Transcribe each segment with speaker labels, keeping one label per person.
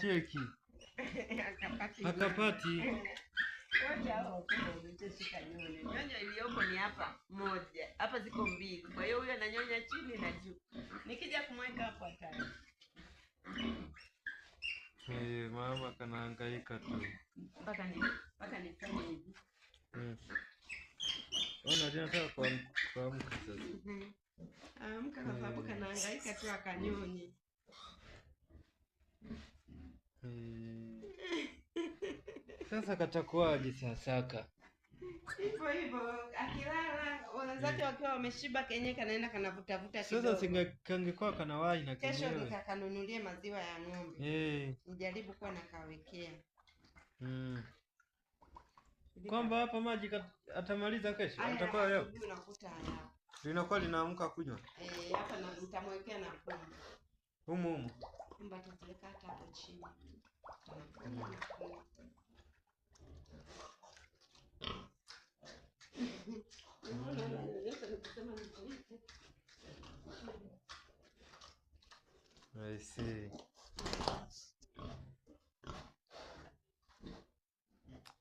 Speaker 1: cheki akapati nyonya iliyopo ni hapa moja, hapa ziko mbili. Kwa hiyo huyo ananyonya chini na juu, nikija kumweka hapo Hey, mama tu mpaka
Speaker 2: ni mpaka nifanye hivi. Ona tena sababu tu akanyonye.
Speaker 1: Sasa katakuwaje Sasaka?
Speaker 2: Hivyo hivyo akilala wenzake eh. wakiwa wameshiba, kenye kanaenda kanavutavuta
Speaker 1: kidogo. Sasa singekangekuwa kanawahi na
Speaker 2: kesho nitakanunulie maziwa ya ng'ombe hey. Eh. Nijaribu kuwa nakawekea hmm.
Speaker 1: Kwamba hapa maji atamaliza kesho,
Speaker 2: atakuwa leo
Speaker 1: linakuwa linaamka kunywa
Speaker 2: eh, hapa nitamwekea na pumba humu humu, pumba tutaweka hapo chini. Hmm.
Speaker 1: I see.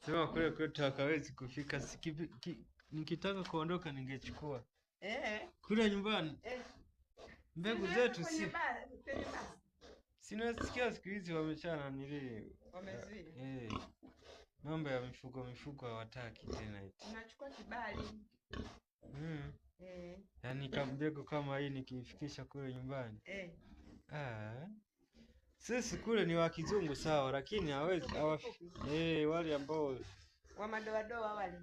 Speaker 1: Sema kule kwetu hakawezi kufika. nikitaka kuondoka ningechukua eh, eh. kule nyumbani eh. mbegu zetu si sinasikia siku hizi wamechana nili mambo ya mifuko mifuko hawataki tena eti.
Speaker 2: Unachukua kibali.
Speaker 1: Mm. Eh. Yaani kambego kama hii nikifikisha kule nyumbani.
Speaker 2: Eh. Ah.
Speaker 1: Sisi kule ni wa kizungu sawa, lakini hawezi hawa eh, wale ambao
Speaker 2: wa madoa doa wale.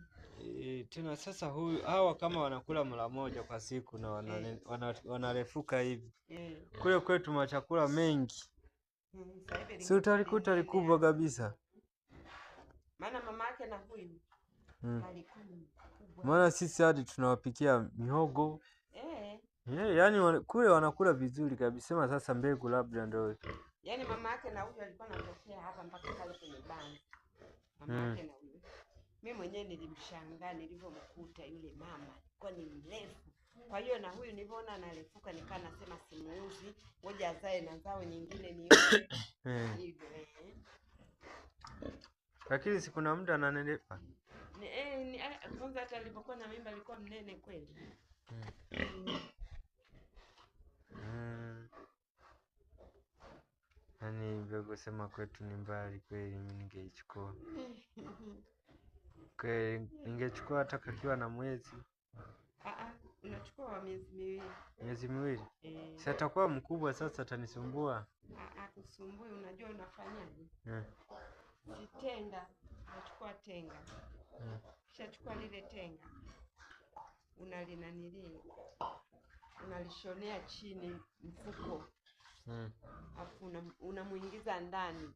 Speaker 1: E, tena sasa huyu hawa kama wanakula mara moja kwa siku na eh. wanarefuka e. wana, hivi e. Kule kwetu machakula mengi mm, si utalikuta likubwa kabisa
Speaker 2: yake na huyu mm.
Speaker 1: Maana sisi hadi tunawapikia mihogo eh. Yeah, yani kule wanakula vizuri kabisa. Sema sasa mbegu labda ndio.
Speaker 2: Yaani mama yake na huyu alikuwa anatokea hapa mpaka pale kwenye banda. Mama hmm. yake mm. na huyu. Mimi mwenyewe nilimshangaa nilivyomkuta yule mama, alikuwa ni mrefu. Kwa hiyo na huyu nilivyoona analefuka, nikaa nasema simuuzi, ngoja azae na zao nyingine nione. Eh. Hivyo. Eh.
Speaker 1: Lakini si kuna mtu ananenepa? Ah.
Speaker 2: Eh, eh, kwanza hata alipokuwa na mimba alikuwa mnene kweli. Hmm.
Speaker 1: Hmm. Yaani vya kusema kwetu ni mbali kweli, mimi ningeichukua kweli, ningechukua hata kakiwa na mwezi.
Speaker 2: Ah, ah, unachukua wa miezi miwili.
Speaker 1: Miezi miwili? E. Si atakuwa mkubwa sasa atanisumbua.
Speaker 2: Akusumbui, unajua unafanyaje? Eh litenga, unachukua tenga hmm. lile tenga unalinanili unalishonea chini mfuko hmm. Afu unamwingiza una ndani